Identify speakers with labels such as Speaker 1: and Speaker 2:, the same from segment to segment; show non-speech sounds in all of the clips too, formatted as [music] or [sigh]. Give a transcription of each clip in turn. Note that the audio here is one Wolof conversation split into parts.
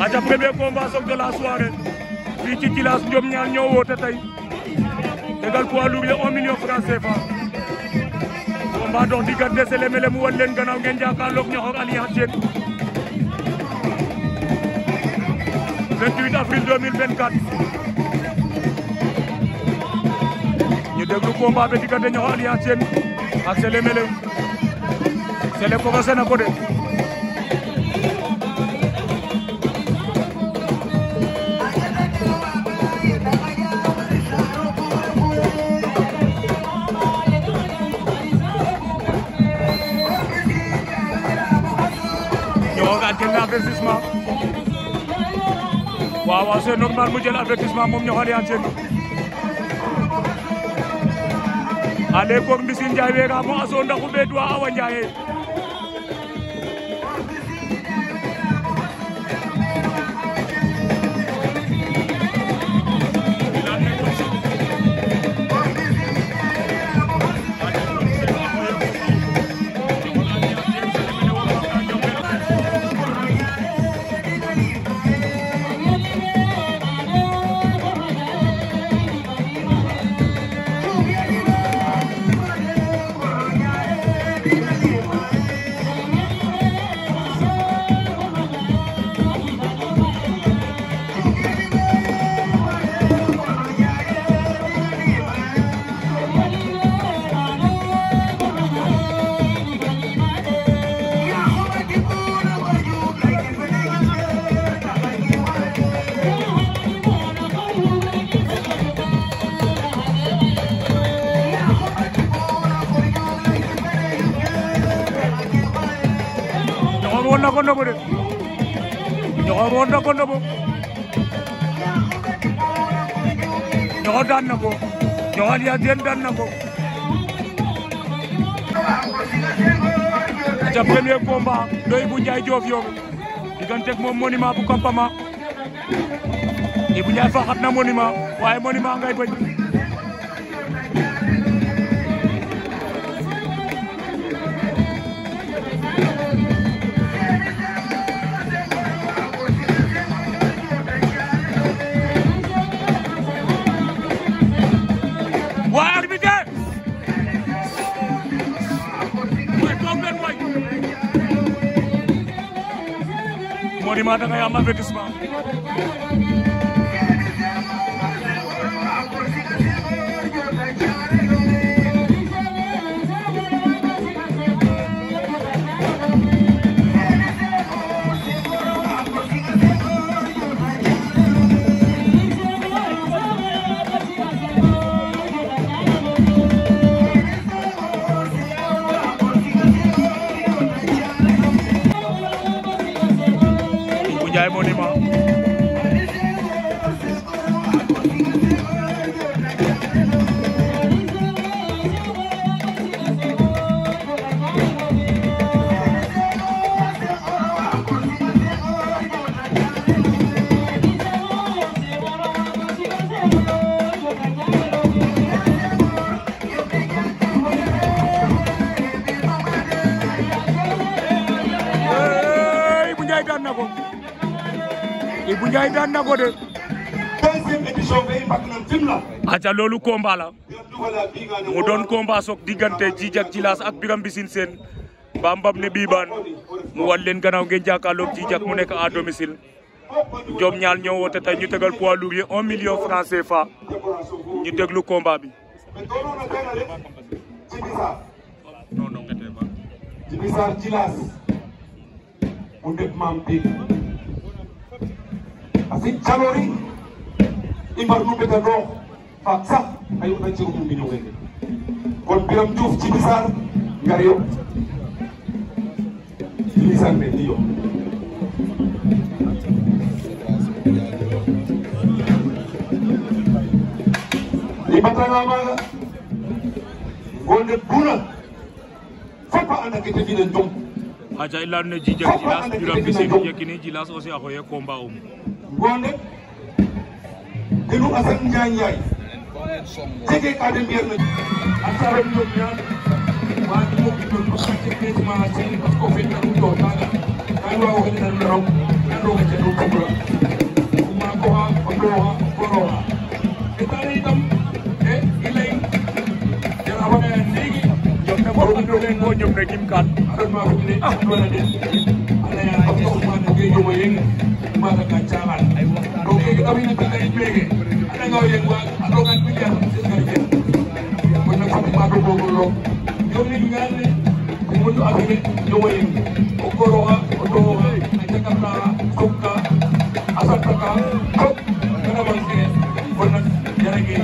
Speaker 1: aca premier combat soog de la soirée fii ci Djilass Diom ñaar ñoo woote tey tegal poids lourd un million franc CFA combat dox diggante Sélé Mélé mu wan leen gannaaw ngeen jàkkaarloog Niokh Alliance Diène 28 avril 2024 ñu déglu combat bi diggante Niokh Alliance Diène ak Sélé Mélé na ko de waaw waaw normal mu jël avertissement moom ñoxor yaan seen ale koog Mbisine Ndiaye weega mo Awa Ndiaye na ko Ñoxor daan na ko Ñoxor yaa den daan na ko ca premier combat doy bu Njaay Joof Yobe diggante ak moom monument bu Kampama Ibou Ndiaye faxat na monument waaye monument ngay bëj Birima da ngay am avertissement Ndiaye daan na ko de. deuxième loolu combat mu doon combat soog diggante Djidji ak Djilass ak Birame Mbissine Sène Mbambam ne Biibaan mu wan leen gannaaw ngeen jàkkaarloog mu nekk à domicile. Jom ñaar ñëw woote tey ñu tegal poids lourd yi un million franc CFA ñu déglu combat bi. bi 아직 자놀이 imbar nu mbeta noox faak sax a yoɗ na cirumu mbiño ngene kon Biram Diouf Djiby Sarr ngar yo Djiby Sarr ne ni yo i mbatanga maaga ngoone buna fop a anda ke te fina njom aca i leyan ne Djidiack Djilas Biram Mbisine Yekini Djilas aussi a xooye combat um Bondet Dinu Assane Ndiaye Ndiaye jege kadde mbiyatno a saran ɗum ñaan maɗi moɓɓi ɗon ɗo sacce peesma seni par ce que o fetta ɗum ɗo maga kan wawo hen tan raw nan ɗo gacca ɗo kubra ma ko ha oɗo ha koɗo ha e tare tam e ilay jara waɗa ndegi jomde goɗɗo ɗo hen go jomde gim kan aɗon ma fumne aɗona ɗen ala yaa jomo yeng mbaga ka caxan to keke tamit nagtitarit meke a ɗanga o yeng waag a ɗogan milliard garjen kon nak fat mbato gogorloog jomnig ngaan ne o monu affaire jomo yeng o goroxa o dowoxa a jakartaxa sokka a sartaka fop kan avance kon nak jarage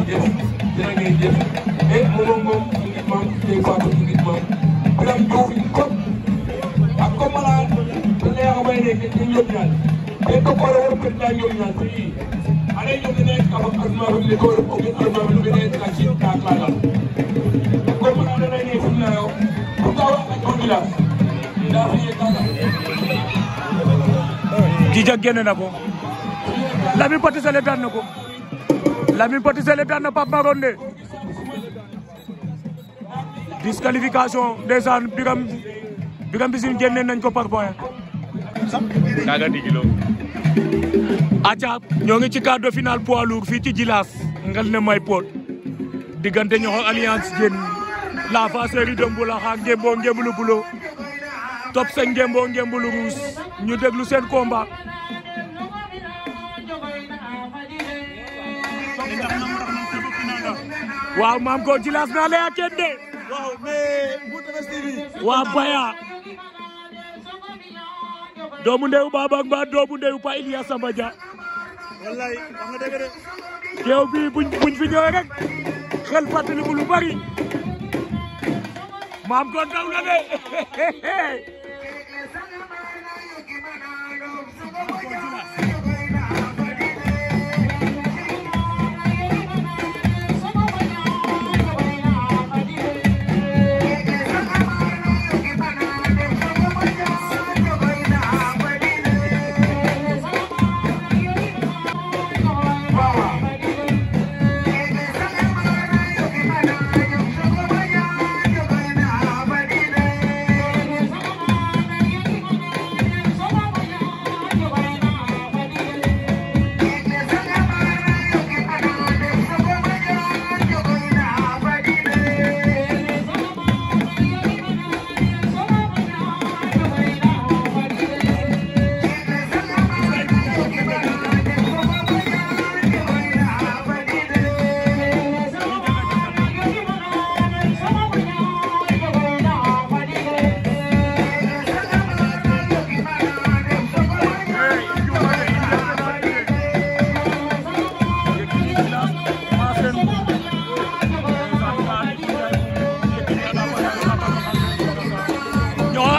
Speaker 1: कितनी योजना देखो करोड़ कितना योजना थी अरे योजना लिखो लक्षित दाखला कोई मनाने नहीं सुनना हो बताओ कौन मिला jijak génne na ko Lamine Paty Sélé daan na ko Lamine Paty Sélé daan na Pape Maronde disqualification ndeysaan Biram Biram Mbissine génne nañ ko par point kaaga ndigilo acaab ñoo ngi ci quart de poids lourd ci ne may alliance jeen la fa série de Mboulaxa ngémboo bulo top sa ngémboo ngémbulu ruus ñu déglu seen combat waaw maam ko Djilass na de waaw mais Mbour TV wow baya doomu ndeyu Baba Ngba doomu ndeyu Pa Iliya Samba Dia wallaay buñ buñ fi ñëwee rek xel fàttali bari maam kon daw na de [laughs]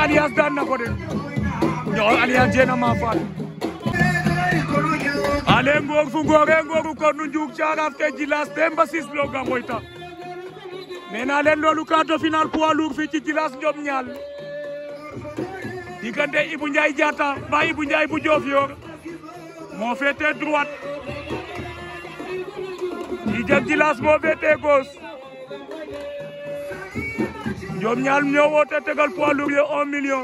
Speaker 1: Alliance daan na ko de ñoxol Alliance jéem a maa faat ale ngoor fu ngoore ngooru kor nu njuug caaraaf te jilaas te mbasis looga moyta nee naa leen loolu quart de finale poids lourd jilaas njom ñaal diggante Ibou Ndiaye Diatta ba Ibou Ndiaye bu Diofior moo féete droite Djidiack Djilass moo féete gauche ñoom ñaar ñoo woote tegal poids lourd yi un million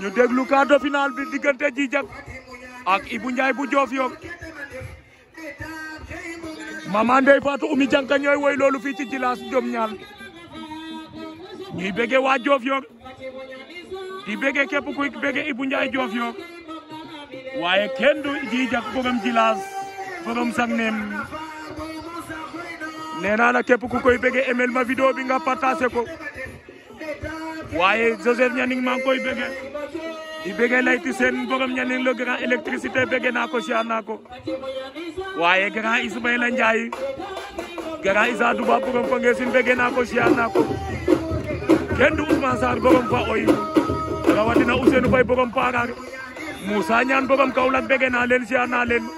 Speaker 1: ñu déglu quart de bi diggante Djijak ak Ibou bu Joof Yoff Mama Ndeye Fatou Oumy Dianka ñooy ci Djilass ñoom ñaar ñuy bëgge waa Joof Yoff di bëgge képp kuy Joof Yoff waaye kenn du Djijak borom Djilass borom Sangeem nee naa képp ku koy bëggee emel ma bi nga partagé ko waaye Joseph Nianing maa ngi koy bëggee di bëggee layti seen borom Nianing le grand électricité bëggee naa ko siyaar naa ko waaye grand Ismaïla Ndiaye grand Issa Duba borom fa ngeesin bëggee naa ko siyaar naa ko kenn du Ousmane Sarr borom fa oy rawatina borom Parar Moussa naa leen siyaar naa leen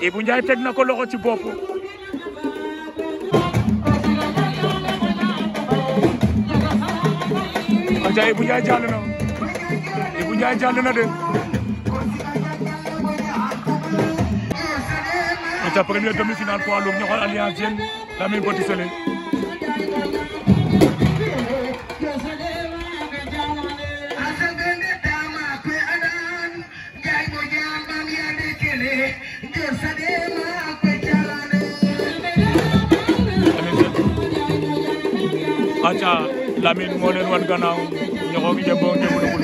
Speaker 1: Ibou Ndiaye teg na ko loxo ci bopp Ndiaye Ibou Ndiaye jàll na Ibou Ndiaye jàll na de. ca première demi-finale poids lourd ñu xool alliance Diène Lamine Petit Sélé aca Lamine moo leen wan gannaaw ñoxo ngi jëm bo jëmulugul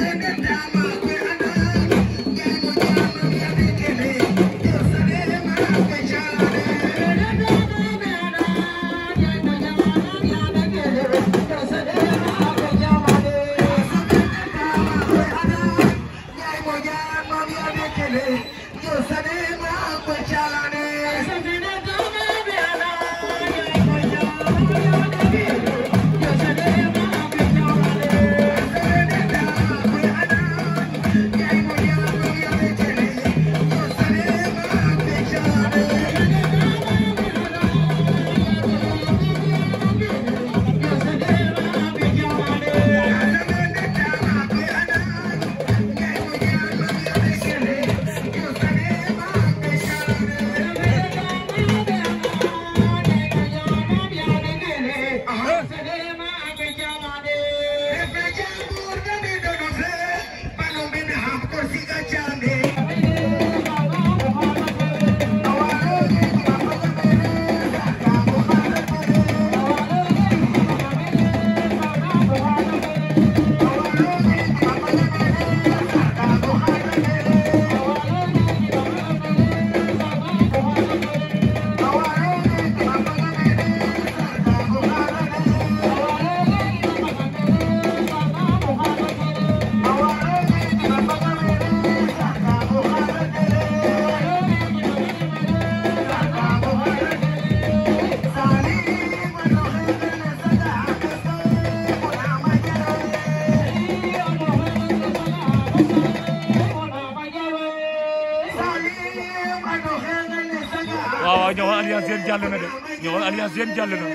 Speaker 1: alias Diène jàll na.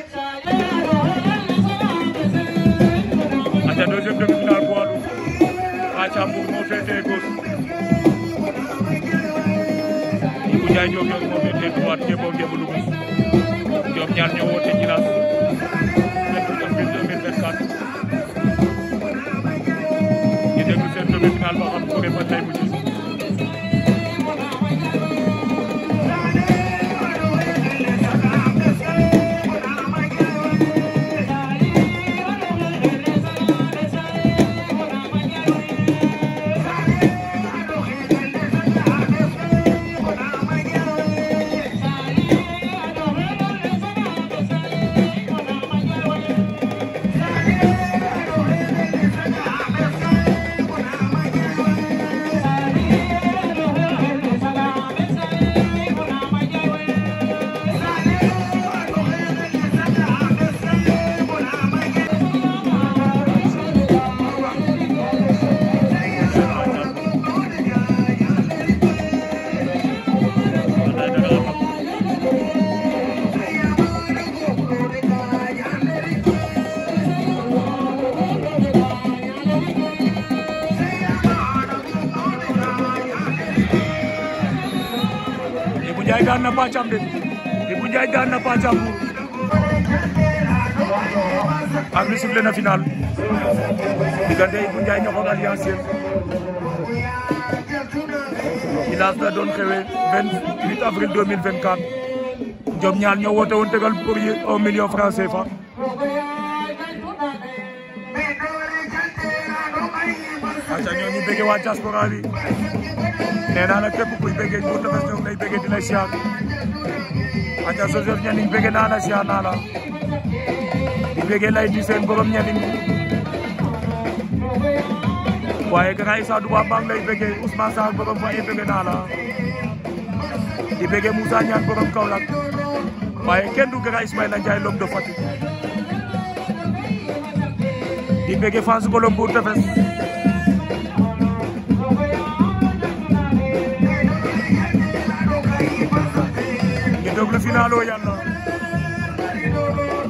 Speaker 1: aca deuxième demi-finale poids lourd aca Mbour moo féetee gauche. Ibou Ndiaye Diop yooyu moo féetee droite jéemoo jéem a Louga. ñoom ñaar ñoo woote Djilass. ñu déglu seen demi-finale ba xam ko ba tey bu Pathiam de Ibou Ndiaye daan na Pathiam arbitre bi sifflé na final diggante Ibou Ndiaye Niokh ak Alliance Sène village la doon xewee 28 avril 2024 ñoom ñaar ñoo woote woon tegal pour un million franc CFA aca ñoo ñu bëgg waa diaspora bi nee naa la képp kuy bëgg boo tafes ñoom lay bëgg di lay siyaar aca Sojoor Ñaning bëgg naa la siyaa naa la a bëgg lay di seen borom Ñaning waaye Grand Issa Douba maa ngi lay bëgg Ousmane Sarr borom waaye bëgg naa la di bëgg Moussa Niane borom Kaolack waaye kenn du Grand Ismaïla Ndiaye l'homme de Fatick di bëgg Fass Ngolom Bour Tefess double final o oh yàlla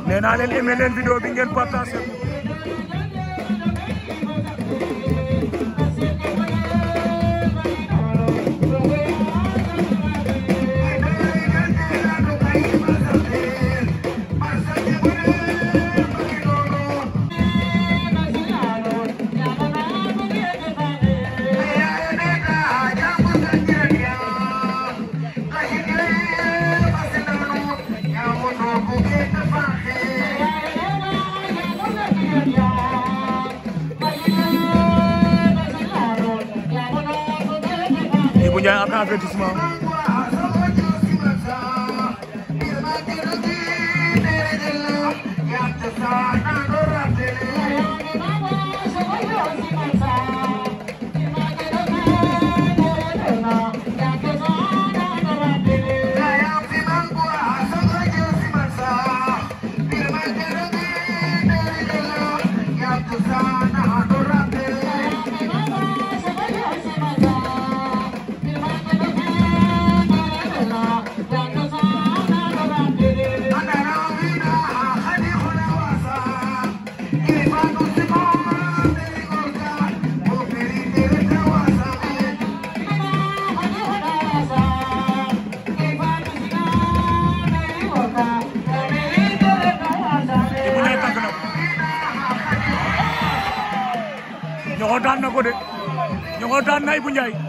Speaker 1: nee naa leen aimé leen vidéo bi ngeen partagé Ibou Ndiaye am na avertissement gate.